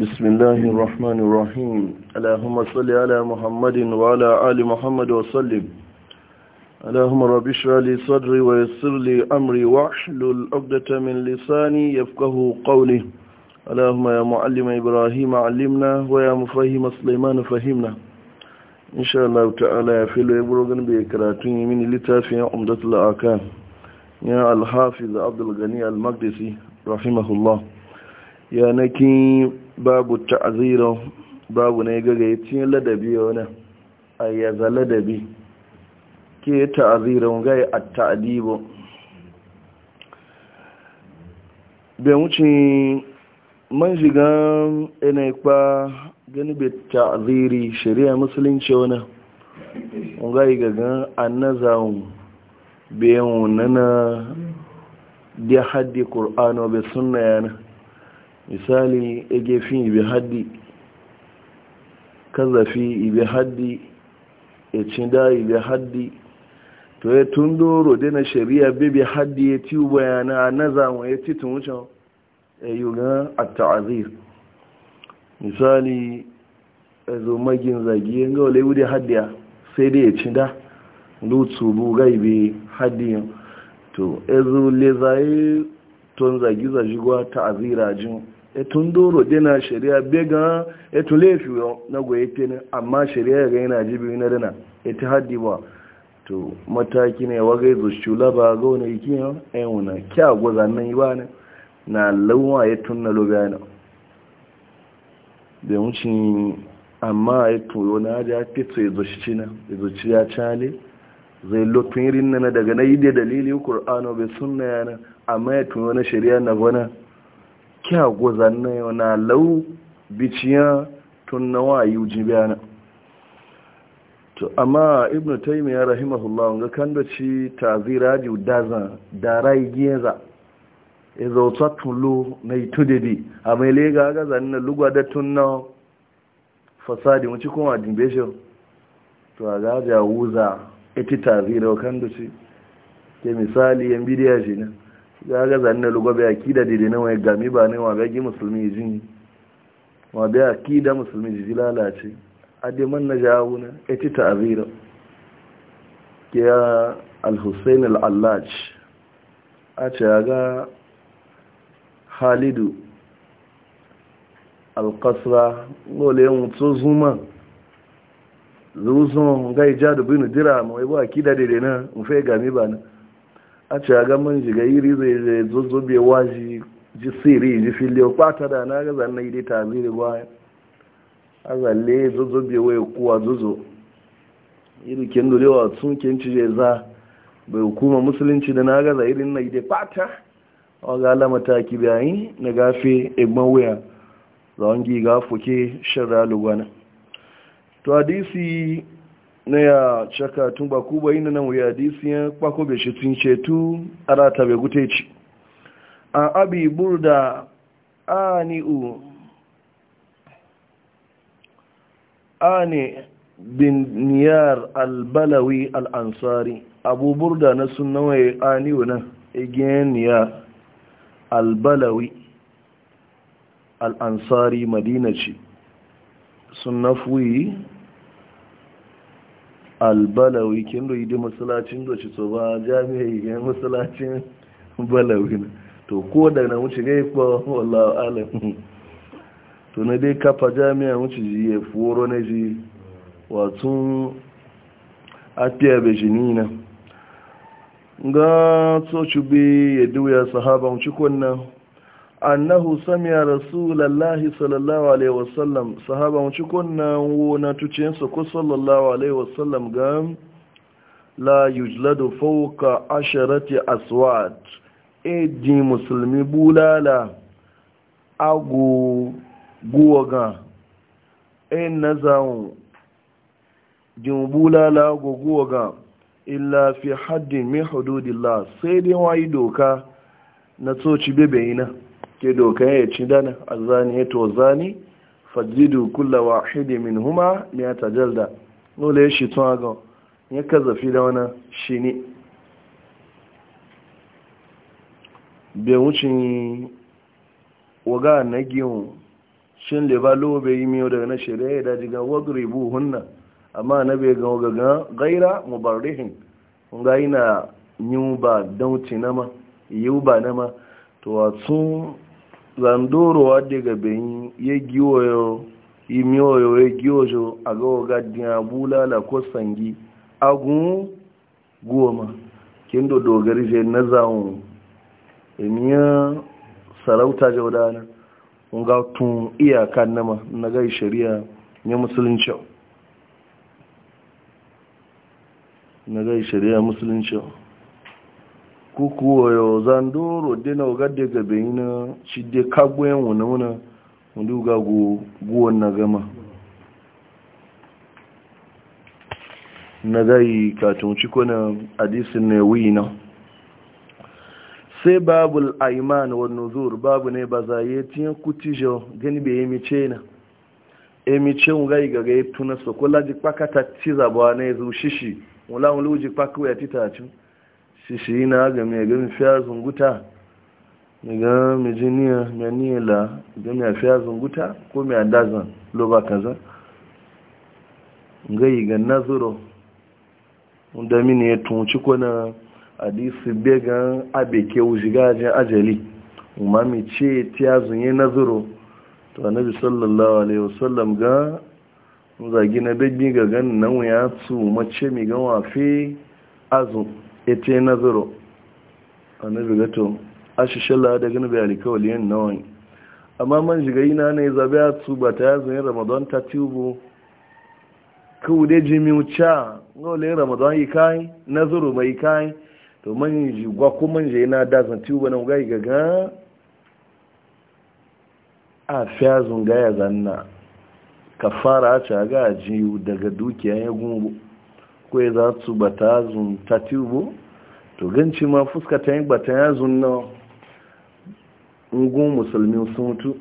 بسم الله الرحمن الرحيم اللهم صل على محمد وعلى آل محمد وسلم اللهم رب اشرح لي صدري ويسر لي امري واحلل عقدة من لساني يفقه قولي اللهم يا معلم ابراهيم علمنا ويا مفهم سليمان فهمنا ان شاء الله تعالى في لبرغن بكراتين من لتافي عمدة الاكان يا الحافظ عبد الغني المقدسي رحمه الله يا نكيم babu ta'azira babu ne gaga ya cinye ladabi wani a yaza ladabi ke ta'azira gai a ta'adibo bai wuce man shigan ina kwa gani bai ta'aziri shari'a musulunci wani gai gagan annazawun bai wunana da haddi ƙur'anu bai sunna yana misali egefin ibe haddi kazafi ibe haddi e cinda ibe haddi to ya e tun doro dina shari'a bebe haddi e ya ti bayana na zama ya titin wucin ya yi gan a ta'azir misali ya zo magin zagi yin gawa laiwu haddiya sai dai ya cinda lutsu buga ibe haddi to ya zo lezaye tun zagi zagigwa ta'azira jin etun doro dina shari'a bega etun laifi na goye tene amma shari'a ga ji jibi na dana ita haddi ba to mataki ne waga izo shula ba ga wani iki yan enwuna kya gwaza nan yi ba ne na lawa ya tun na lobe ana da wucin amma ya tuyo na ajiya fito izo shi cina izo ci ya cale zai lotun irin na daga na yi da dalili kur'ano bai sunna yana amma ya tuyo na shari'a na gwana kya gozan na yau na lau biciya tun na wayi uji biyana to amma ibn taymiya rahimahullah ga kan da ci tazira ji dazan da rai geza ya e zo tsatulu na itudedi amma le ga ga zan na lugwa da tun na fasadi mu ci kuma dimbe shi to ga ja wuza eti tazira kan da ci ke misali yan bidiya shi ne ga ga zanne lugo be akida de de nawa gami ba ne wa be gi musulmi jin wa be akida musulmi ji lalace a ade man na jawuna eti ta'zira ya al-husayn al-allaj a ce ga halidu al-qasra gole mutu zuma zuzun ga ijadu binu dirama wai ba akida de na mu gami ba na a ce ga mun iri zai zai wa ji siri ji filiyo da na gaza na ide ta ziri bayan a zalle zuzzobe wa kuwa zuzo iri kin durewa sun kin cije za bai hukuma musulunci da na gaza irin na ide fata a ga alama ki na gafe egban wuya zawon giga fuke shan na ya caka tun ba ku bayi nan wuya disiyan kwako bai shi tun ce tu a rata bai gute ci A abi burda ani'u ani bin niyar albalawi al'ansari abu burda na sun nawaye ani'u nan e igiyan niyar albalawi al'ansari madina ce sunafuyi albalawi kin do yi masallacin do ci so ba jami'i ya masallacin balawi na to ko da na wuce gai ko wallahi alam to na dai kafa jami'a wuce ji ya furo na ji watun afiya bejinina ga so ci yadu ya sahaba wuce kunna annahu samiya rasulallahi sallallahu alaihi wasallam sahaba mu ci kunna wona tucin su ko sallallahu alaihi wasallam ga la yujladu fawqa asharati aswat eji musulmi bulala agu guwaga en nazan jin bulala agu guwaga illa fi haddin min hududillah sai dai wayi doka na tsoci bebe ina ke dokan ya ci dana azani ya to zani fajidu kulla wahidi min huma ya tajalda nola ya shi tun aga ya zafi da wani shi ne bai ni waga na giyun shi da ba lobe yi miyo daga na shirya ya daji ga wagribu hunna amma na bai ga wagaga gaira mubarrihin ga yi na yi ba dauci nama yi ba nama to a tun zandoro wadda gaben ya giwoyo imiyoyo ya giwoyo a gawa gadiya bulala ko sangi agun goma kin dogari je na zaun emiya sarauta jaudana ga tun iyaka nama na gai shari'a ya musulunci na gai shari'a musulunci kuku yo zandoro dina ga daga na shi de kagboyen wuna wuna wanda ga guwan na gama na gai katon ciko na hadisi ne na. sai babul aiman wa nuzur babu ne ba za yi tiyan kutijo gani bai yi mice na emice nga igaga etuna sokola jikpakata tiza bwana ezu shishi wula wulu jikpakuwa titatu shishi na ga mai gami fiya zunguta mai mijiniya mai niyala ga mai fiya zunguta ko mai adazan loba kaza gai ga nazuro da mini ya tunci kona hadisi began abeke wujigajen ajali umami ce tiya zunye nazuro to annabi sallallahu alaihi wasallam ga zagi na begbi ga ganin nan wuya tsu mace mi gawa fi azu ita na annabi gato ashishalla da gani bai alikawali yin nawani amma man shiga ina ne zabe a su ba ta yazo yin ramadan ta tubu kawo dai jimi wuce wale yin ramadan yi kai nazaro mai kai to man shi gwa man shi yana dazan san tubu na ga gaga a fiya zunga ya zanna fara a ci a jiyu daga dukiya ya gungu ko za su bata zun ta tubu to ganci ma fuska ta yi bata ya zun na ngun musulmi sun mutu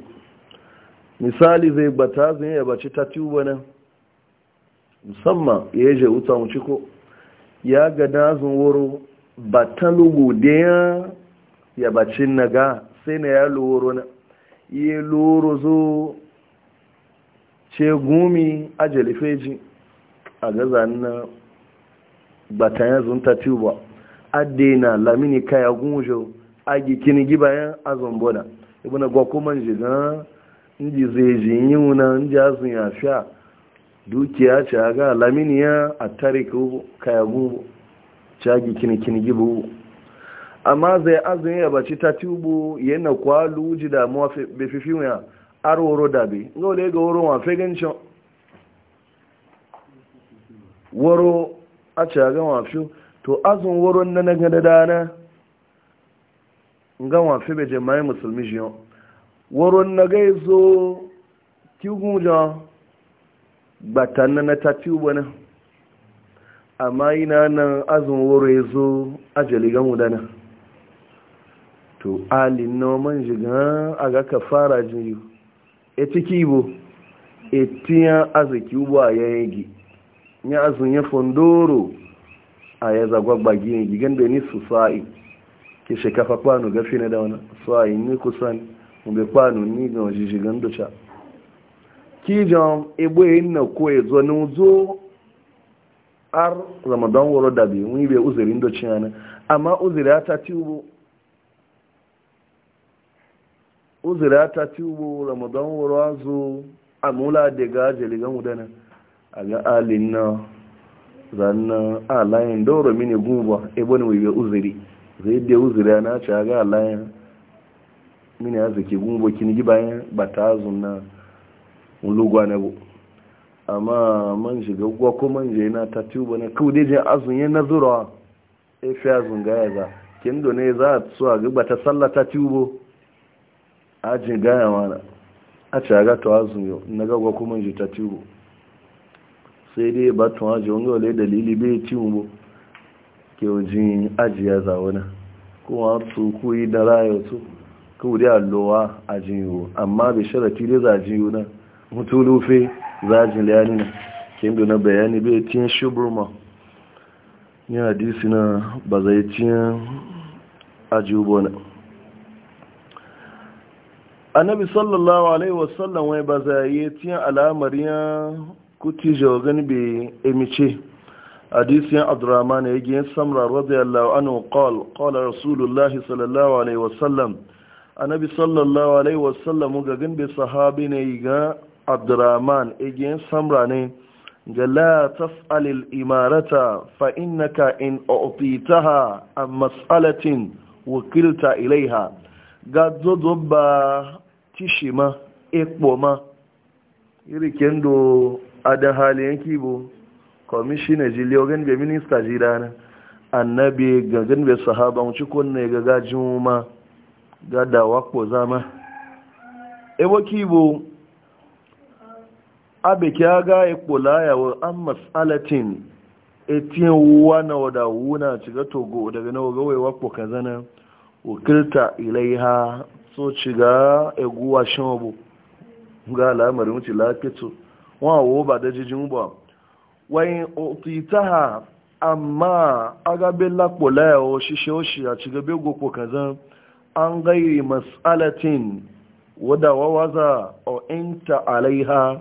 misali zai bata zun ya baci ta tubu nan musamman ya je wuta mu ciko ya ga dazun wuro bata lugu daya ya ya bacin na ga sai na ya loro na iya loro zo ce gumi a feji a gaza na ba ta yanzu ta na adena lamini kaya gunjo agi kini gibayan azon boda ibuna gwa kuma nji ga nji zeji yiwuna nji azu ya sha dukiya ce ga lamini ya a tare kaya gunbo ci agi kini kini gibo amma zai azun ya baci ta ci yana kwalu ji damuwa befifi ya aroro dabe ga wale ga woro wa woro a ce ga wafi to azun wurin na na gada dana ga wafi bai jama'i musulmi shi yau wurin na gai zo jan batan na na tati na amma ina nan azun wuri ya zo ajali gan wudana to alin noman jigan a ga ka fara jiyu e ciki bo e tiyan arziki ubo a yayin gi ya azun ya fondoro a ya zagwa gbagi ne gigan da ni su sa'i ke shekafa kwano gafi na da wani sa'i ni kusan mbe kwanu ni ga wajen shigan duca kijan ebo yin na ko ya zo ni zo ar ramadan wuro da bi mun be uzirin duci yana amma uzuri ta tiwo uzuri ta tiwo ramadan a zo amula daga jeligan udana a ga alin na zannan alayin daura mini gumba ebe ne webe uziri zai da uziri ana ce a ga alayin mini a zaki gumba kin gi bayan ba ta zunna na bu amma man shiga gwa ko man je na ta tuba na kawai dai azun ya nazura e fi azun ga ya za kin do ne za a so a gaba ta sallata tubo ajin ga mana a ce a ga to azun yau na ga gwa ko man ta tubo sai dai ba tun waje wani wale dalili bai ci mu ke wajen ajiya zaune kuma su kuyi da rayu su kuri allowa a jinyo amma bai sharafi dai za jinyo na mutu rufe za jiliyani na kendo na bayani bai tiyan shuburma ni hadisi na ba zai tiyan ajubo na annabi sallallahu alaihi wasallam wai ba zai tiyan alamar yan kuti jawagan bi emice hadisi abdurrahman ya giyan samra radiyallahu anhu qal qala rasulullahi sallallahu alaihi wasallam annabi sallallahu alaihi wasallam ga gan bi sahabi ne ga abdurrahman ya giyan samra ne ga la tas'al al imarata fa innaka in u'titaha am mas'alatin wakilta ilaiha ga zodobba tishima ekpoma irikin do hali halin yanki bu kwamishina jili ogan bai minista ji rana annabi gangan bai sahaba wuce kunne ga gajin ma ga dawa ko zama ebo kibo abe ya ga ikola yawo an masalatin etin wana wada wuna ciga togo daga nawa gawai wakpo kazana wakilta ilaiha so ciga eguwa shan abu ga al'amari wuce lafito wọn awo ba da jijin ba wọnyi otita ha amma agabe lapo ya o shishe o shi a cigabe gopo kazan an gairi mas'alatin wadda wawaza o inta alaiha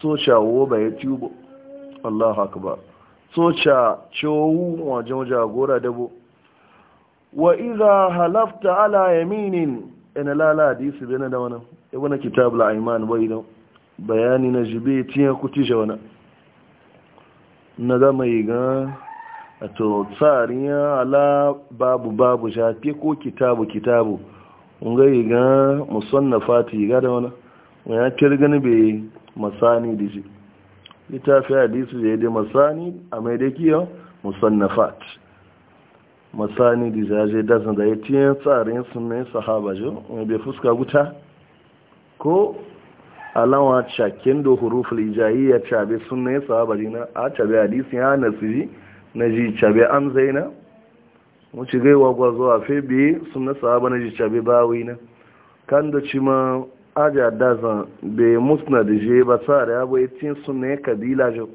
tsoca wo ba ya tubo allahu akbar tsoca cewu wajen jagora dabo wa iza halafta ala yaminin ina lalata hadisi bane da wani. ya wani kitab la'iman bai don bayani na jibe tiya kuti wani na zama yi ga a to tsarin ya ala babu babu shafi ko kitabu kitabu ga yi gan musannafa ta yi gada wani wani gani bai masani da shi littafi hadisu da ya dai masani a mai da kiyo musannafat masani da zaje dazan da ya tiyan tsarin sunan sahaba jo wani bai fuska guta ko alawa cakin da huruful ijayi ya cabe sunna ya sababa na a cabe hadisi ya nasiri na ji cabe an zaina wuce gaiwa gwazo a febe sunna sababa na ji cabe bawi na kan da ci ma adazan da ya musna da je ba sa da ya bai cin sunna ya kabila jo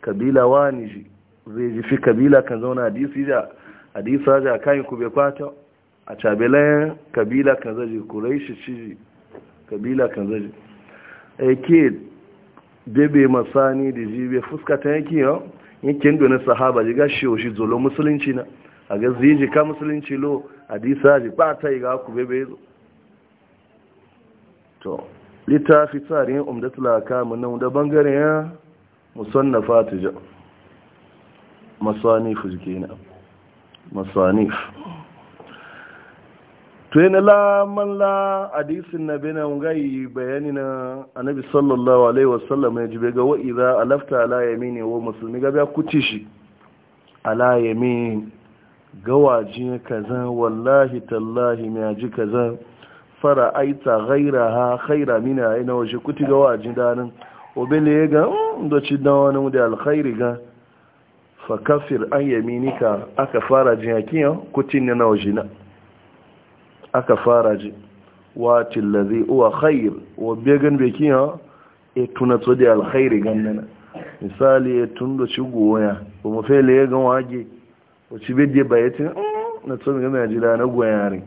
kabila wani ji zai ji fi kabila kan zauna hadisi ja hadisa ja kan ku be kwata a cabe layan kabila kan zaji shi ji. kabila kan zaji ake eh, bebe masani da jibe fuska ta yake yau yankin donin sahaba ji ga shi zolo musulunci na a ga ziji ka musulunci lo disa ji ba ta yi ga ku bebe zo to littafi tsarin umdatul akamun nan da bangaren ya musannafa tija masanif Masani, masanif to yana laman la hadisin na bena ngai bayani na annabi sallallahu alaihi wasallam ya jibe ga wa a alafta ala yamini wa muslimi ga ba kuci shi ala yamin gawaji kaza wallahi tallahi ma ji kaza fara aita ghairaha khaira mina na waje kuti gawaji danin obele ga mm, ndo ci dan wani da alkhairi ga fa kafir an yaminika aka fara jiyakin kutin na wajina aka fara ji Wa lazi uwa khair wa began bekin ya e tuna to da gan gannana misali e tun do ci goya ba mu fele ya gan waje o ci bedde bayatin mm, na to ga mai jira na goya re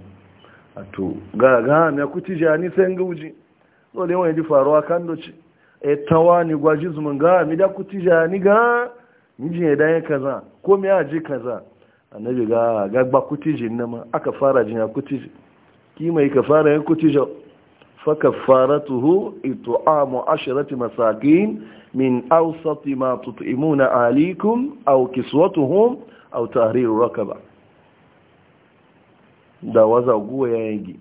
a to ga ga na kuti jani sai ga N'o dole wani ji faruwa kan do ci e tawani gwaji zumun ga mi da kuti jani ga miji ne dan kaza ko me ji kaza annabi ga ga ba kuti jin nan aka fara jin ya kuti jin kimai kafara yanku tijo fakaffaratuhu mu 'ashrati masakin min awsati ma tut'imuna alikum aw kiswatuhum aw tahriru rakaba da waza guwa yayi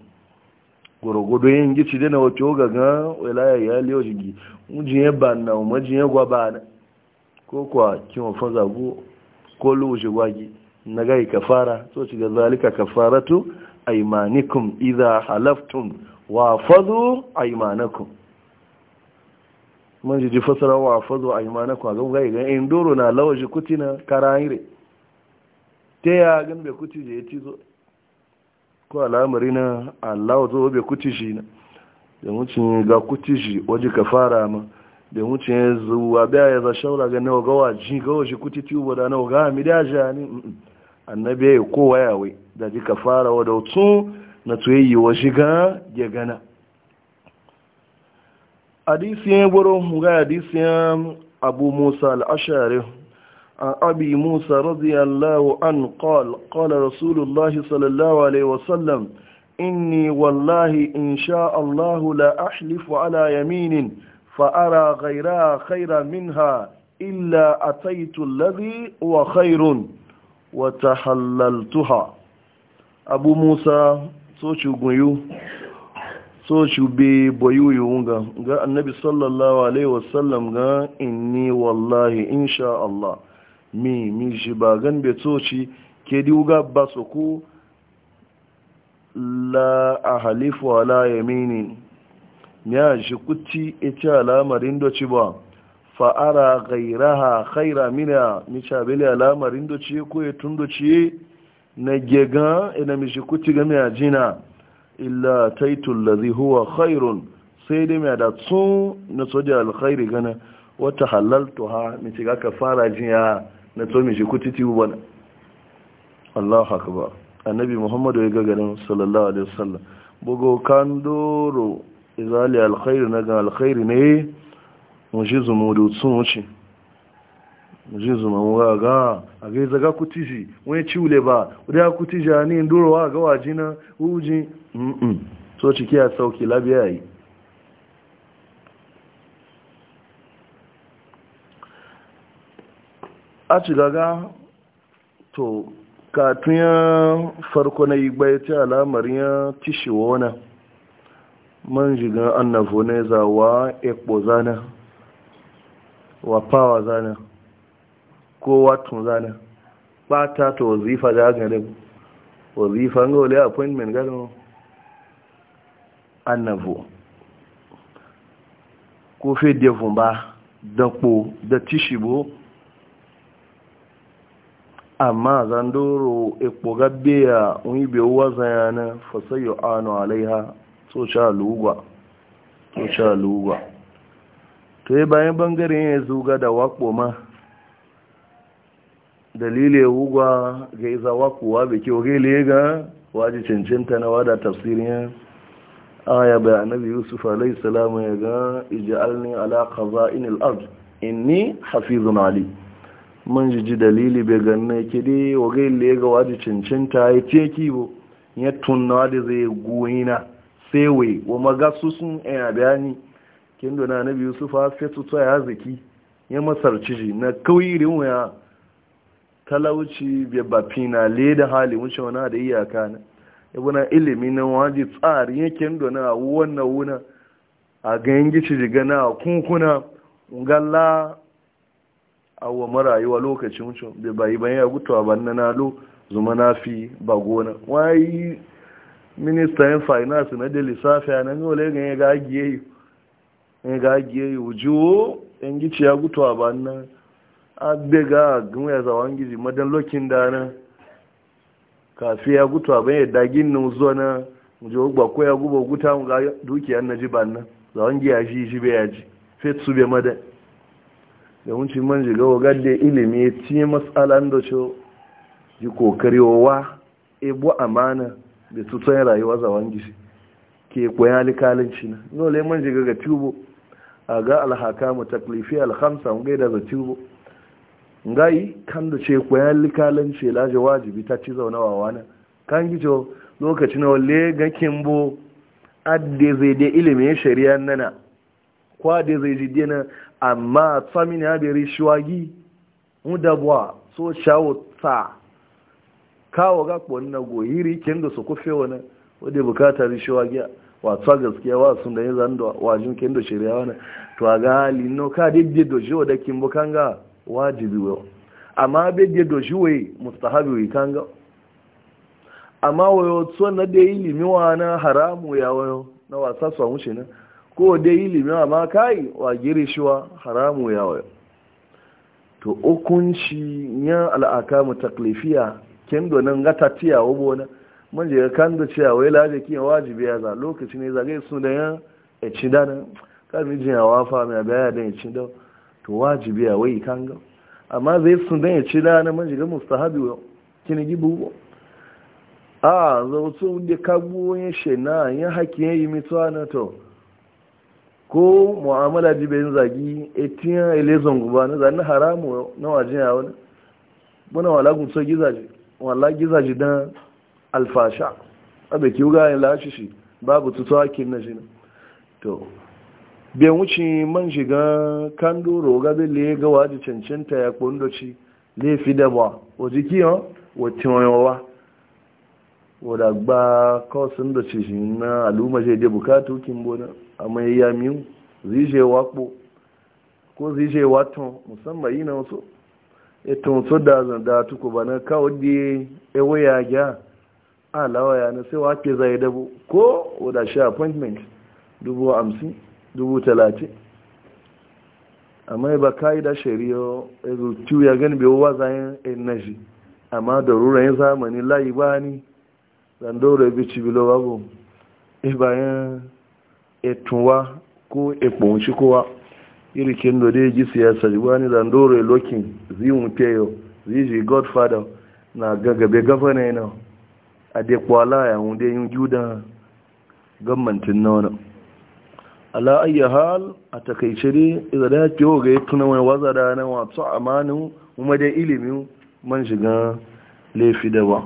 gorogodo yayi cide na wato gaga wala ya liyo jigi mujin ya banna mujin ya gwaba ko kwa kin faza go kolu jigwagi nagai kafara to ci ga zalika kafaratu aimanikum idha halaftum wa fadu aimanakum Mun ji fasara wa fadu aimanakum ga ga ga in doro na lawaji kutina karayire te ya gan be kuti je ti zo ko al'amari na Allah zo be kuti shi na da mutum ga kuti shi waje ka fara ma da mutum zuwa biya ya za shaura ga nawa ga waji ga waje kuti tubo da nawa ga mi da jani annabi ya kowa yawai da jika fara wa dautu na tsoyi wa shiga ya gana hadisiyan gwaron hunga abu musa al'ashari a abi musa radiyallahu an qal qala rasulullahi sallallahu inni wallahi in sha allahu la ahlifu ala yaminin fa'ara gaira khaira minha illa ataitu alladhi wa khairun wata halaltuha abu musa soci gunyu be ga ga annabi sallallahu alaihi wasallam ga inni wallahi insha Allah mi mi shi ba gan be ci ke diuga ba su ku la ahalifu ala yamini ya shi kuti ita alamarin doci ba fa'ara gairaha khaira mina mica bele alamarin da ciye ko ya tun da ciye na gega ina mishi kuti game a jina illa taitul lazi huwa khairun sai dai mai da tun na soja alkhairi gana wata halaltu ha mici ga ka fara jiya na to mishi kuti ti wani Allahu akbar annabi muhammadu ya gagarin sallallahu alaihi wasallam bugo kan doro izali alkhairi na ga alkhairi ne muje zuma da utsun wuce muje zuma wa ga a ga kutiji wani ciwule baa wadda ya kutiji a ni durowa ga wajina wuji mm so ciki ya sauki labiya yi a ci gaga to katun ya farko na igba ya alamar ya tishewa wona man jigan annafo ne zawa ekpo zana wafawa zane ko watun zane ba ta ta wazifa da garin wazifa ga wale appointment garin annabu ko fe devon ba dapo da tishibo amma zandoro epo gabe ya unibe waza yana fasayo ano alaiha so sha lugwa so sha lugwa to yi bayan bangaren ya zuga da wako ma dalilin wugwa ga iza wakowa bai kyau gele ga waji cancanta na wada tafsirin aya bai annabi yusuf alayhi salama ya ga ija'alni al'aka za inil ard inni hafizun ali mun jiji dalili bai ganna ke dai wa gele ga waji cancanta ya ce kibo ya tunawa da zai goyina sai wai wa magasusun sun ina bayani kin dona na biyu su fa su to ya zaki ya masarci ji na kauyirin waya talauci bai bafi na leda hali wuce wani da iyaka na ibuna ilimi na waje tsari kin dona wannan wuna a ganyen gici jiga na kunkuna ngalla awa marayuwa lokacin wuce bai bayi bayan ya gutuwa ban na nalo zuma na fi ba gona wayi ministan finance na da lissafi a nan yau lai ga gagiye in ga agiye yi wujiwo in gici ya gutu a ba nan abbe ga gama ya zawon gizi madan lokin dana kafi ya gutu a bayan dagin nan zuwa na wujiwo gba ko ya gubo guta mu ga dukiyar na ji ban nan zawon ji ji shi bai yaji fet su bai madan da wuncin man jiga wa gadde ilimi ya ci matsalan da ce ji kokari wa ebo amana da tutsayin rayuwa zawon gizi ke koyan ci na nole man jiga ga tubo a ga mu taklifi alhamsa gaida da tubo ngai kan da ce koyan likalan ce laje wajibi ta ci zaune wa wani kan gijo lokacin wale ga kimbo adde zai da ilimin shari'a nana kwa da zai ji dina amma tsamin ya bere shiwagi mudabwa so shawo ta kawo ga kwanna goyiri kin da su kufe wani wadda bukatar shiwagi wasu gaskiya wasu da yin zan da wajin kin da shirya wani to a ga halin no ka dai da shi da kin bu kanga wajibi wa amma bai da da shi wai mustahabi wai kanga amma wai wato na da ilimi wa na haramu ya wayo na wasa su amushi na ko da ilimi wa ma kai wa gire shi wa haramu ya wayo to hukunci ya al'akamu taklifiya kin nan gata tiya bona. mun je kan da cewa wai laje kiyan wajibi ya za lokaci ne zagaye su da yan e ci da nan kan mijin ya wafa mai baya da ya ci da to wajibi ya wai kan ga amma zai su da ya ci da nan mun je ga mustahabi kini gibu a zautu da kagbo yin shena yin haƙƙi yin yi mito na to ko mu'amala ji bai zagi etiyan elezon guba na zane haramu na wajen yawon muna wala gutso gizaji wala gizaji don alfasha abe ki wuga yin lashi babu tutu hakin na jini to biyan wuce man shiga kan doro gabe le ga waje cancanta ya kundoci le fi da ba o jiki yan wacce wayowa wadda gba kawsun da ce shi na al'umma je da bukatu kin bona amma ya miyu zije wakpo ko zije waton musamman yi na wasu eto so da zan da kawo da ya gya alawa ya na sai wake zai dabo ko wadda shi appointment dubu hamsin dubu talatin amma ba ka'ida shari'a ezu ya gani bai wa zayen energy amma da rurayen zamani layi ba ni zandora bi cibilo wago ibayen e etuwa ko ekponci kowa irikin da dai ji siyasa ba ni zandora lokin zi peyo zi ji godfather na gagabe gafana yana a kwala ya hunde yin juda gammantin na wani ala ayya hal a takaice dai idan ya ce ga ya tuna wani waza da na wasu amanin kuma dai ilimin man shiga laifi da ba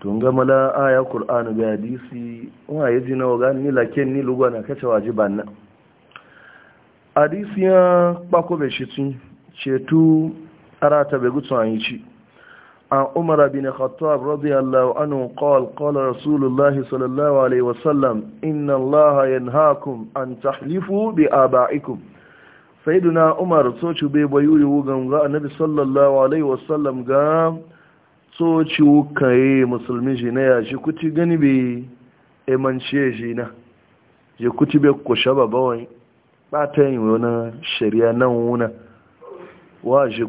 tun gama la aya kur'anu ga hadisi wa ya ji nawa gani laken ni lugwa na kace wajiban nan hadisi ya kpako bai shi tun ceto ta bai gutsu an yi ci عن عمر بن خطاب رضي الله عنه قال قال رسول الله صلى الله عليه وسلم إن الله ينهاكم أن تحلفوا بآبائكم سيدنا عمر سوچو بي بيوري وغم غا النبي صلى الله عليه وسلم غام سوچو كاي مسلمي جنا يا شكوتي غني بي emanci jina je kuti be ko shaba bawai ba ta yin wani shari'a nan wuna wa je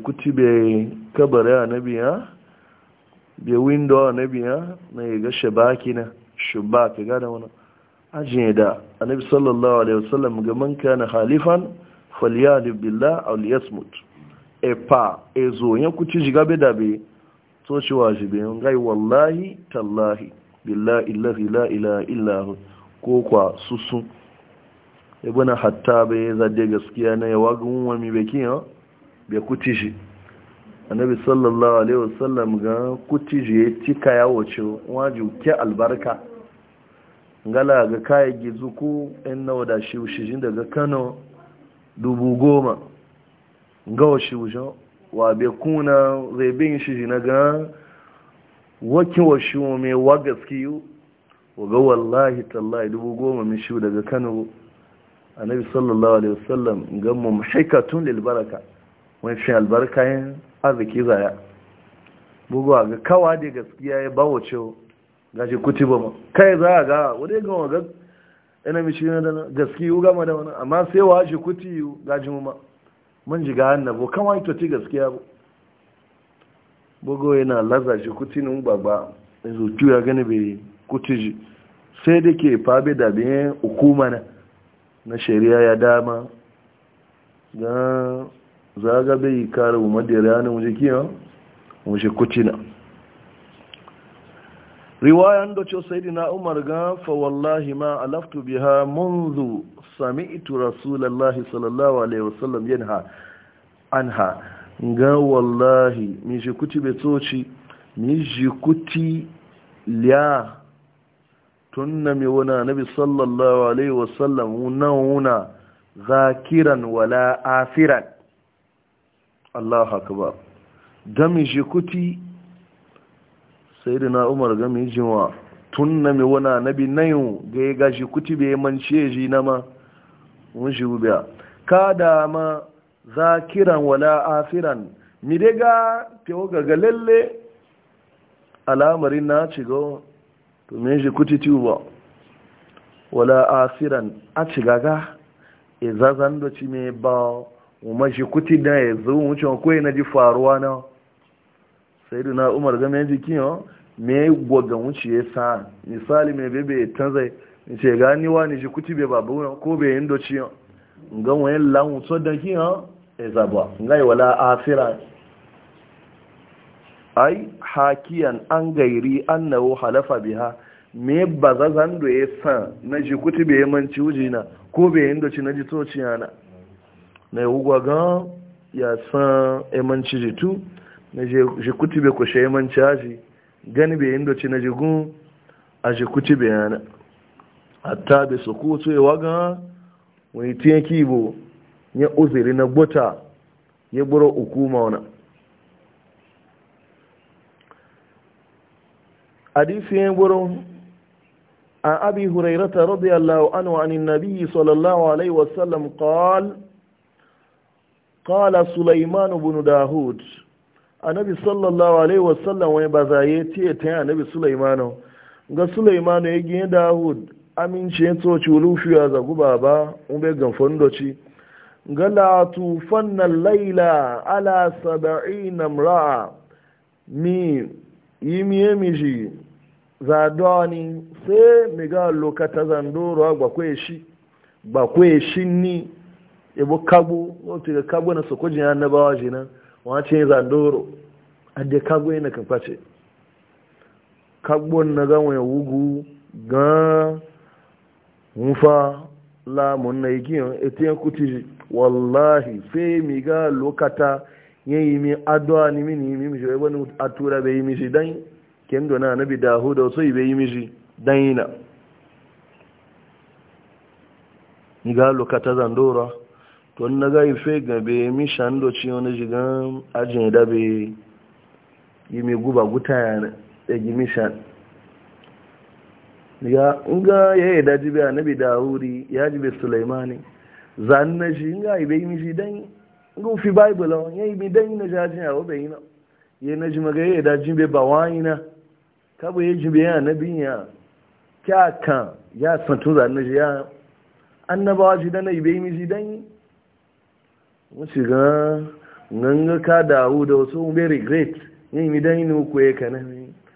bi windo na biya na ga shabaki na ga da wani ajiye da annabi sallallahu alaihi wasallam ga man kana halifan falyad billah aw liyasmut e pa e zo yan ku ci jiga be be to ci wajibi yan gai wallahi tallahi billahi illahi la ilaha illa hu ko kwa susu e bana hatta be zadde gaskiya na ya wagun mi be kiyo be ku ci shi annabi sallallahu alaihi wasallam ga kuti je tika ya wace waju ke albarka ngala ga kai gizu ku in nawa da shi shijin daga Kano dubu goma ga shi wujo wa be kuna zai bin shi na ga wake shi me wa gaskiyu Wa ga wallahi tallahi dubu goma min shi daga Kano annabi sallallahu alaihi wasallam ga mumhikatun lil baraka wani shi albarka yin arziki zaya buguwa ga kawa da gaskiya ya bawa cewa shi kuti ba ma kai za a ga wadai ga waga ina mishi na dana gaski yi gama da wani amma sai wa shi kuti yi gaji mu ma mun ji ga hannu ba. Kawai wani toti gaskiya bu bugo yana laza shi kuti nun ba ba yanzu ki ya gani bai kuti ji sai da ke fabe da biyan hukuma na na shari'a ya dama ga zaga bai kare mu madara ne mu jikiya mu shi kucina riwayan da ce dina umar ga fa wallahi ma alaftu biha منذ سمعت رسول الله صلى الله عليه وسلم ينهى عنها ga wallahi mi shi kuti betoci mi shi kuti liya tunna mi wana nabi sallallahu alaihi wasallam wuna wuna zakiran wala afiran Allah akbar gami shi kuti sai da na umar gami jinwa tun na mai wana nabi nayin ga ya gashi kuti bai mance ji na ma mun shi gubiya ka da ma za zakiran wala afiran mi dai ga tewa ga lalle al'amarin na ci ga to me shi kuti tuba wala afiran a ci gaga e zazan da ci me ba umar shi kuti da ya zo wucin kuwa na ji faruwa na sai na umar game ya jikin yau me gwaga wuce ya sa misali mai bebe ta zai ya ce gani wa ni shi kuti bai babu wuna ko bai yin doci yau in ga wani lamun so da ki yau ya e zaba Ngai ga yi wala afira ai hakiyan an gairi annahu halafa biha me ba zazan do ya sa na shi kuti bai manci wujina ko bai yin doci na ji na? na yawugwa gan ya san emanci jitu na kuti bai kushe emanci haji gani bai indoci na jigun a jikuti bai yana hatta bai su kutu yawa gan wani tiyan kibo ya uziri na gbota ya buru hukuma wana hadisi ya buru عن أبي هريرة رضي الله عنه عن النبي صلى الله عليه qala sulaiman ibn dahud annabi sallallahu alaihi wasallam wani ba za ya tiye ta yi annabi sulaimanu ga sulaimanu ya gina dahud amince tsoci lufiya za guba ba un ga latufan na laila ala saba'i na mi yi miye ji za sai mi lokata zandoro ba kwe shi ni ibo kagbo wato ga kabu na soko jin annabawa jinan wace zandoro adde kabu yana kan face kabu na gama ya wugu ga mufa la mun na yiki etiyan kuti wallahi sai mi ga lokata ya yi mi adwa ni mi ni mi je wani atura bai mi shi dan kendo na nabi dahuda so bai mi shi dan yana ni ga lokata zandoro to na ga ife gabe mishan doci wani jigan ajin dabe yi mai guba guta ya ɗagi mishan ya nga ya yi daji biya na bi dawuri ya ji bi sulaimani zan na shi nga ibe yi mishi dan nga fi bible ya yi mi dan na jajin a bai yi na ya na ji maga ya yi daji bi ba wani na kabo ya jibe biya na biya kya kan ya santu tun na shi ya annabawa shi dan na ibe yi mishi dan wasu ga ganga ka dawo da wasu umbe regret yin mi dan yin ku ya kana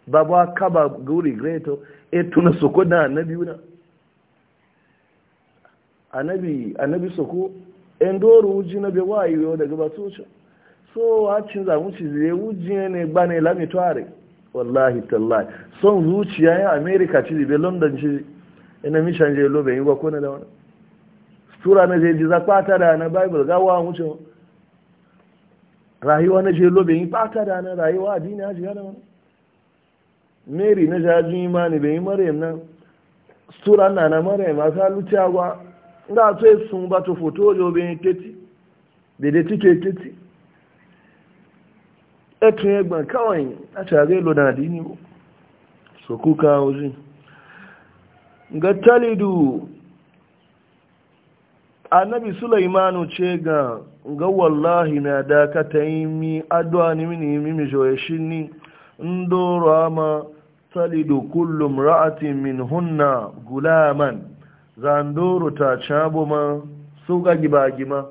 ba ba ka ba go regret e tuna soko da annabi una annabi annabi soko en doro uji na be wa yo daga ba socho so a cin za mu ci zai uji ne ba ne lami tare wallahi tallahi son zuciya ya america ci be london ci ina e mi canje lobe yi ko kona da wannan sura na je jiza kwata da na bible gawa mucho rayuwa na je lobe yi kwata da na rayuwa addini ya jiga da wani mary na jajin imani bai yi maryam na sura na na maryam a aka lucha gwa nga to sun ba to foto yo be teti de de titi teti etun egban kawai a tare lo da addini so kuka ozi ga talidu annabi sulaimanu ce ga ga wallahi na dakata yi mi addu'a ni mini mi mi joye shi ni ndo rama salidu kullum ra'atin min hunna gulaman zandoro ta cabo ma su ga ma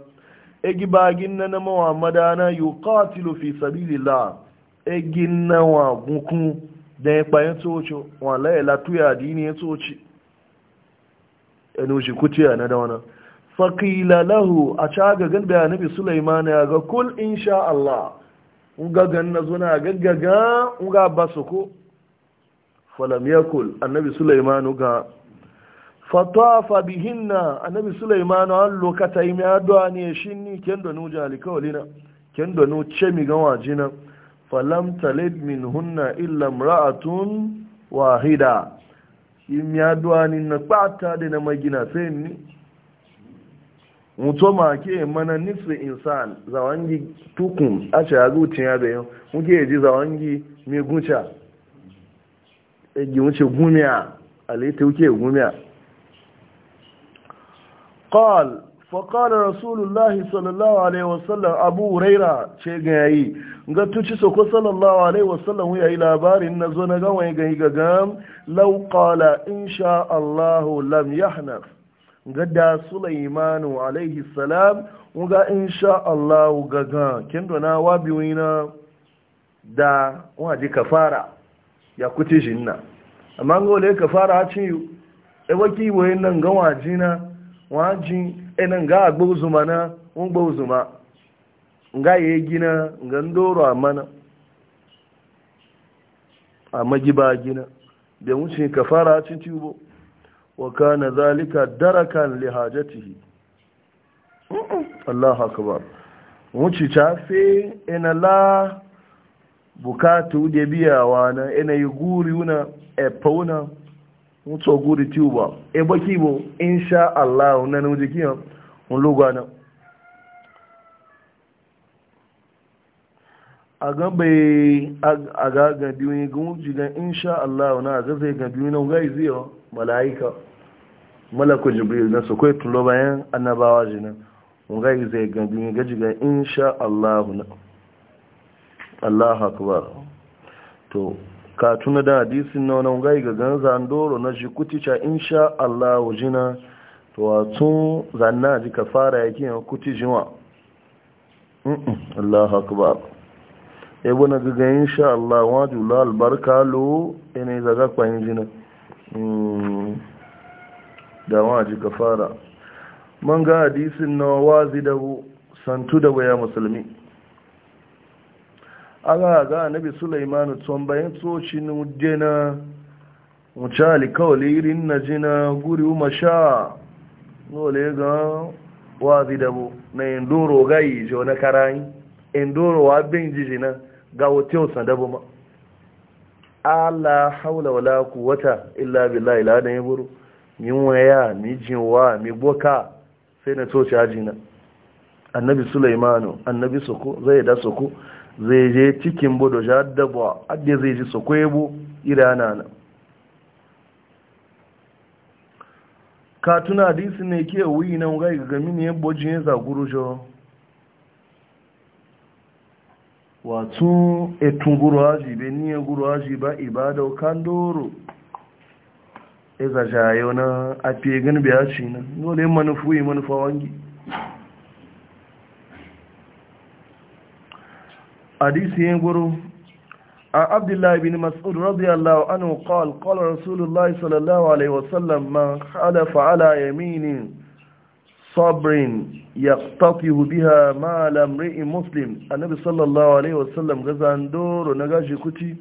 e gibagin na na mawa madana katilu fi sabilillah e ginna wa gukun da ya kpayin tsoci wallahi latuya dini ya tsoci enu shi kuciya na da wana faƙila lahu a cagagan da nabi sulaiman ya ga kul insha Allah ungagan na zuna gaggaga unga ba su ko falam annabi sulaiman ga fatafa na annabi sulaiman an lokata yi mai addu'a ne shi ni kendo nu jalikawlina kendo nu mi gawa jina falam talib min hunna illa imra'atun wahida yi mai addu'a ne na kpata da na magina sai ni mutu ma ke mana nisu insan zawangi tukun a ce ya zuci ya da yau muke ji zawangi mai guca e gi wuce gumiya a laita wuke gumiya ƙal faƙalar rasulullahi sallallahu alaihi wasallam abu raira ce ga yayi ga tuci soko sallallahu alaihi wasallam ya yi labarin na zo na gawai gaggam lauƙala in sha Allah lam yahnaf gada Sulaimanu alaihi salam wuga insha Allah gaga kendo na wabi wina da waje kafara ya kuti jinna amma ga wale kafara ci e waki waye nan ga na waji e nan ga agbo zuma na un gbo zuma nga ye gina nga ndoro amana amma giba gina da wuce kafara ci tubo wa kana zalika darakan li hajatihi Allahu akbar wuci ta fe ina la bukatu de biyawa na ina yi guri una e pauna mutu guri tuba e baki bo insha Allah na nuji kiyan un lugana a ga bai a ga ga biyu ne insha Allah na ga zai ga biyu na ga mala'ika malakun jibril na su kai tulo bayan annabawa jina ngai zai gabi gaji jiga insha Allah na Allah akbar to ka tuna da hadisin na wani ngai ga ganza an doro na shi kutica insha Allah jina to wato zanna ji ka fara yake yan kuti jinwa Allah akbar e bona ga insha Allah wajula albarka lo ene zaga kwa injina mm. da waji gafara man ga hadisin na wazi da santu da waya musulmi aga ga annabi sulaimanu tson bayan tsocin dena wuce alikawali irin na jina guri umasha nole ga wazi da bu na indoro yi jo na karayi indoro wa bin jijina ga hotel sandabu ma ala haula wala quwwata illa billahi la ilaha illa min waya mi jinwa mi boka sai na toce ajina annabi sulaimanu annabi soko zai da soko zai je cikin bodo jaddaba adda zai ji soko yabo irana na ka tuna hadisi ne ke wuyi nan ga ga mini yabo jin zaguru jo wato etun guru haji be ni guru haji ba ibada kandoro iza jayo na a fegin biya ci na dole manufu yi manufa wangi hadisi yin guru a abdullahi bin mas'ud radiyallahu anhu qala qala rasulullahi sallallahu alaihi wasallam man ya ala yaminin sabrin yaqtatihu biha ma lam ri'in muslim annabi sallallahu alaihi wasallam gazan doro na gashi kuti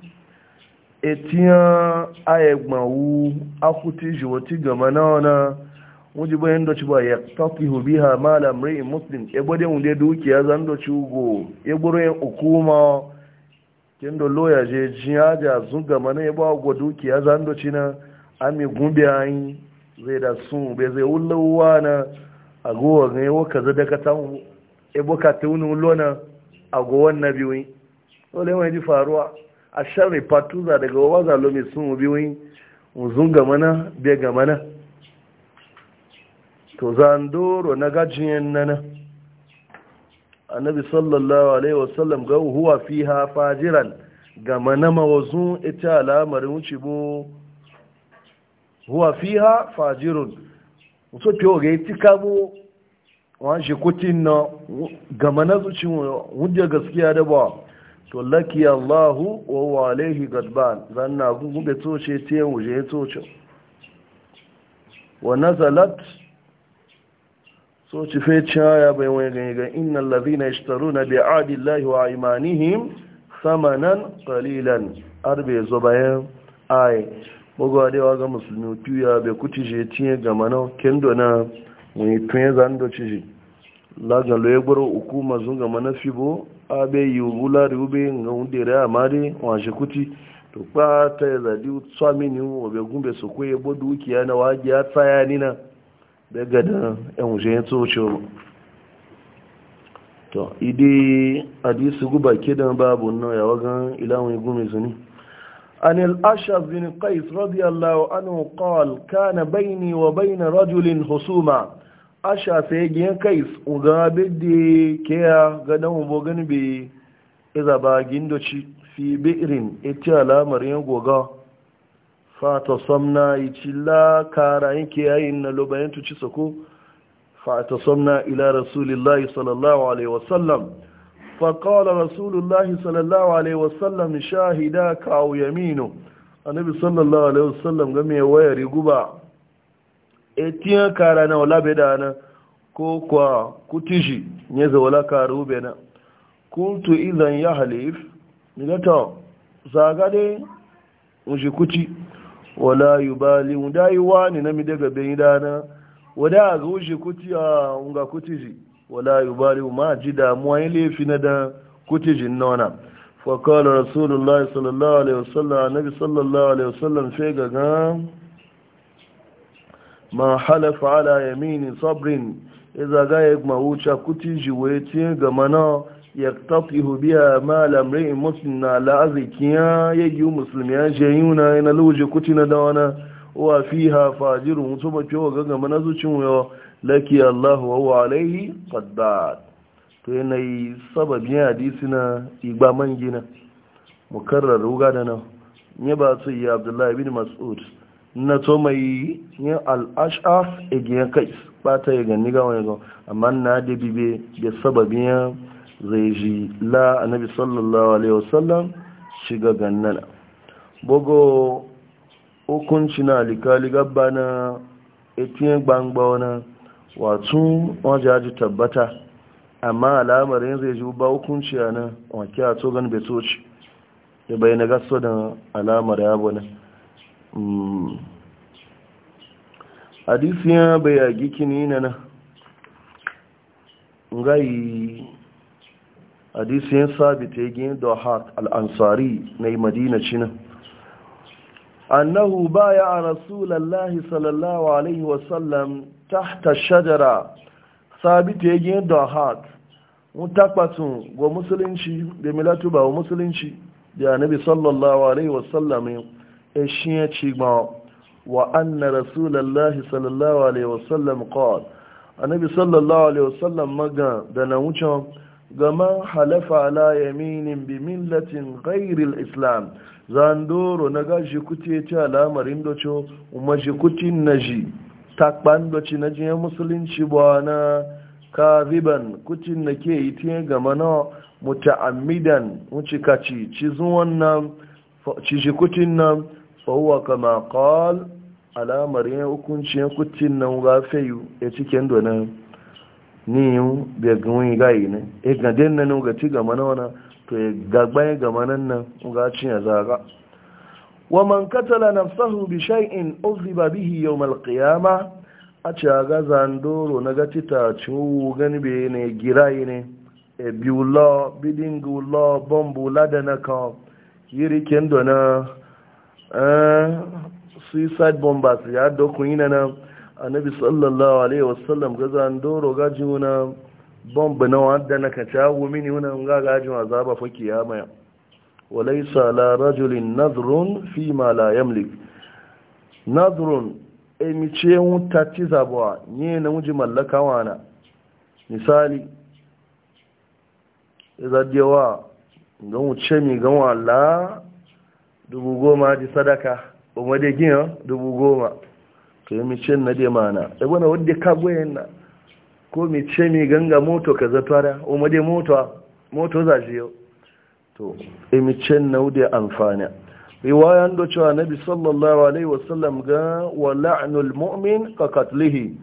etiyan ayegbawu akuti jiwoti gama na wana wuji bayan doci ba ya tafi hubi ha malam rai muslim egbode wunde dukiya zan doci ugo egboro okuma hukuma kendo loya je jiya da sun gama na yabo agwa dukiya zan doci na ami gumbi anyi zai da sun bai zai wulawa na agowa ga yawa kaza dakata ka tan ebo ka taunu lona agowan na biyu dole wani ji faruwa a sharri fatuza daga wa zalumi sun biyu uzun ga mana be ga mana to zandoro na gajiyen nana annabi sallallahu alaihi wasallam ga huwa fiha fajiran ga mana mawazu ita al'amarin wuce bu huwa fiha fajirun so to ga tika bu wa shi kutin na ga mana zuci wuje gaskiya da ba to laki Allahu wa huwa alaihi gadban zanna gube toce te wuje toce wa nazalat so fe caya bai wani gani ga innal ladhina na bi adi Allahi wa imanihim samanan kalilan arbe zo bayan ay bugu adewa ga musulmi tuya bai kuti je tiye ga mana kendo na mu tuye zan doce shi ga lo yegboro hukuma zunga mana fibo abe yiwula riube nga wundere amare waje kuti to kwata ya zadi tsamini wabe gumbe su kwaye bo dukiya na waje ya tsaya nina daga da yan wuce ya e tsoce to ide hadisi guba kidan babu nan ya wagan ilawun gumi su ne عن الأشعث بن قيس رضي الله عنه قال كان بيني وبين رجل خصومة asha sai ya giyan kai ga bidde ke ya ga dan ubo gani be iza ba gindoci fi bi'irin ita alamar yan goga fata samna ici la kara yin ke yayi na lobayin tuci sako fata samna ila rasulullahi sallallahu alaihi wasallam فقال رسول الله صلى الله عليه وسلم شاهداك أو يمينه النبي صلى الله عليه وسلم قام يوير يقبع etiyan kara na wala bai da na ko kwa kutishi ya wala karu bai na kuntu idan ya halif nigata zaga ne mushi kuti wala yi bali wanda yi wani na midaga bai da na wada a zuwa kuti a unga kutiji wala yubali bali ma ji damuwa yi laifi na da kutijin nona فقال رسول الله صلى الله عليه وسلم sallallahu صلى wa sallam وسلم في ma halafa ala mini sabrin iza ga ya wuce kuti jiwe ga mana ya tafi biya ma in musulmi na la'azikin ya yi musulmi ya je yi na yana lauje kuti na dawana wa fi ha fajiru mutu ba kyau ga gama na zuci wuyo laki allah wa wa alaihi qaddad to sababi ya hadisi na igba man gina mukarrar ruga da nan ya ba su yi abdullahi bin mas'ud na to mai yin al'ashaf igiyan kai ba ta yi gani ga wani gan amma na da bibe da sababin zai ji la annabi sallallahu alaihi wasallam shiga gannana bugu hukunci na alikali gaba na etiyan gbangba wani wato wajen aji tabbata amma al'amarin zai ji ba hukunci a nan wakil a to gani betoci da bayyana gaso da alamar yabo nan Hmm. hadisiya bai yagi kini na na ngayi hadisiyan sabita ya gini da haq al'ansari na yi madina cina annahu baya a rasulallahi sallallahu alaihi wasallam tahta shajara sabita ya gini da haq mutakpatun wa musulunci da milatu ba wa musulunci da nabi sallallahu alaihi wasallam ce ma wa anna Rasulallah sallallahu alaihi wasallam qal annabi sallallahu alaihi wasallam maga da na wucin gama halafa ala yaminin bi millatin ghairil islam zandoro na gashi kuti ci alamar doco kuma shi kuti naji takban doci na jiyan musulunci ba na kaziban kutin na ke yi tiye gama na muta'ammidan wuce kaci ci shi kuti nan fahuwa kama kawal alamar yin hukunci ya kucin nan ga fayu ya cikin donin niyu da gawin gayi ne ya gajen nan ga ci gama na wana to ya gagbaye gama nan nan ga cin ya zaga wa man katala nafsahu bi shay'in uziba bihi yawm al-qiyamah a ci a ga zandoro na gatita ciwu gani be ne girayi ne e biyu law bidin law bombu ladana ka yiri kendo Eh, suicide bombers ya dokun yi na annabi sallallahu alaihi wasallam gaza ndoro gaji wuna bomba na wadda na kaci hagu mini wuna ga gaji wa zaba fa kiyamaya walaisa la rajulin nazrun fi ma la yamlik nazrun emice hun tatti zabuwa ne na wuji mallaka wana misali izadewa e don wuce mi gawa la dubu goma ji sadaka umar da gina dubu goma to yi mice na dai mana da wani wadda ka goya na ko mice mai ganga moto ka zatara umar da moto moto za shi yau to yi mice na wadda amfani riwayan da cewa nabi sallallahu alaihi wasallam ga wa la'anul mu'min ka katlihi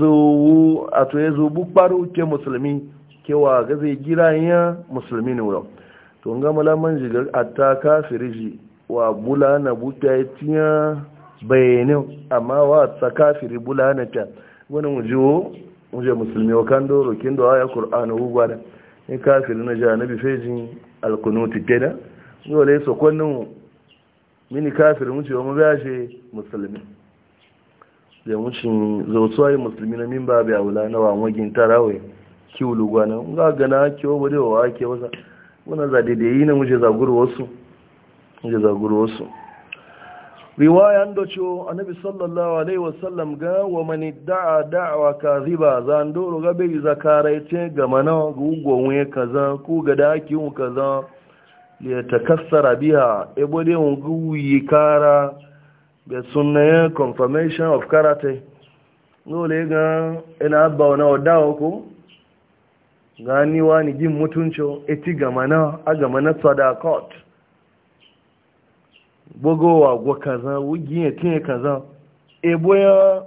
wu a to ezu bukparu ke musulmi kewa ga zai gira musulmi ne wurin to nga mala man jigar atta kafiri ji wa bula na buta tiya bayanin amma wa ta kafiri bula na ta wani wo muje musulmi wa kan doro kin da aya qur'anu gwada ni kafiri na ja nabi fejin alkunuti keda dole so konnin mini kafiri mun ce wa mabashi musulmi da mucin zautsuwayi musulmi na mimba bai wula na wa magin tarawai kiwu lugwana ga gana kiwo bude wa ake wasa wannan za da yi na muje zaguru wasu muje zaguru wasu riwayan da ciwo annabi sallallahu alaihi wasallam ga wa mani da'a da'awa kaziba zan doro ga bai zakarai ce ga mana gugon ya kaza ku ga daki yi kaza ya takassara biha ebo de mu guyi kara da sunna confirmation of karate nole ga ina abba na wadawa ko gani ni gin mutunco eti gamana a gamana sadakot bugowa gwa kaza wugin ya tinye kaza ebo ya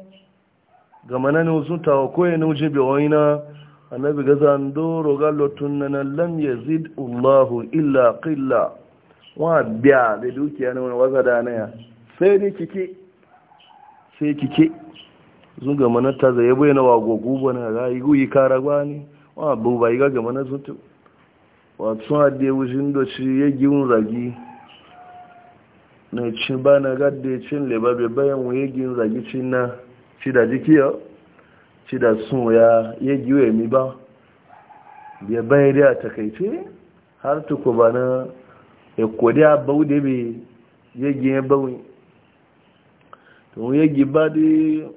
gamana ne sun tawa koya na wuce bewai na annabi gaza ndoro galotun na na lam yazid allahu illa qilla wa biya da dukiya na wani waza da na sai ne kike sai kike zun manata ta zai ebo yana wa gogubo na rayu yi karagwa ne wa abu ba yi gagama na zutu wato adiyar wujin da shi ya giwun zagi na cin ba na gadda cin leba bai bayan wa ya giwun zagi cin na ci da jikiya ci da sun ya ya emi mi ba bai bayan da a takaice har tuku ba na ya kodi bau da bai ya giye ya gi ba dai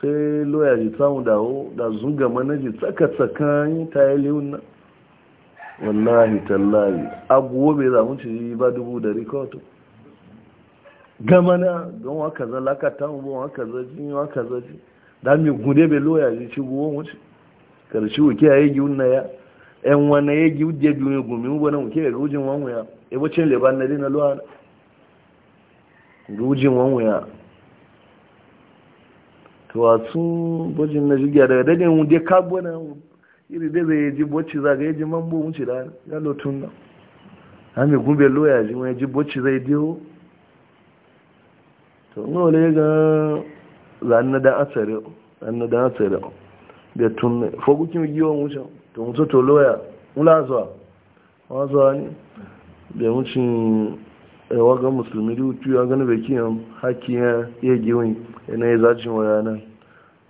sai loya ji samu dawo da zuga manaji tsaka-tsakan ta yi nan wallahi tallahi abuwa bai zamunci yi ba dubu da rikoto gama na don waka zala ka mu bon waka zaji ji waka zaji da mai gude bai loya ji ci buwon wuce Karci wuke ya yi giun na ya yan wani ya giun jebi mai gumi mu bana wuke ga gujin wanwaya ya e bacin leban na dina loya gujin wanwaya tuwatsun bujin na jigya daga dadin wunde kabo na iri dai zai ji bocci za ga yaji mambo wuce da ya lotun na hami gube loya ji wani ji bocci zai diyo to ina wale ga zanen da asare zanen da asare da tun ne fogukin giwa wuce to mutu to loya wula zuwa eh, wa zuwa ne da wucin wagan musulmi da wuce ya gani bai kiyan hakiya ya giwon yana ya zacin wa yana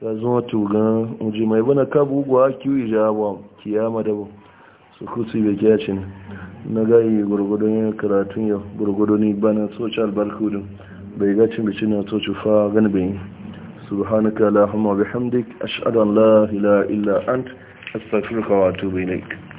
ya zo tugan uji mai bana ka buguwa kiwi jawa kiyama da su kusi bai kiya ci ne na gayi gurgudun yin karatun yau gurgudun ni bana soci albarkudin bai gacin bici na soci fa gani bai subhanaka la hamma bihamdik ash'adu an la ilaha illa ant astaghfiruka wa atubu ilaik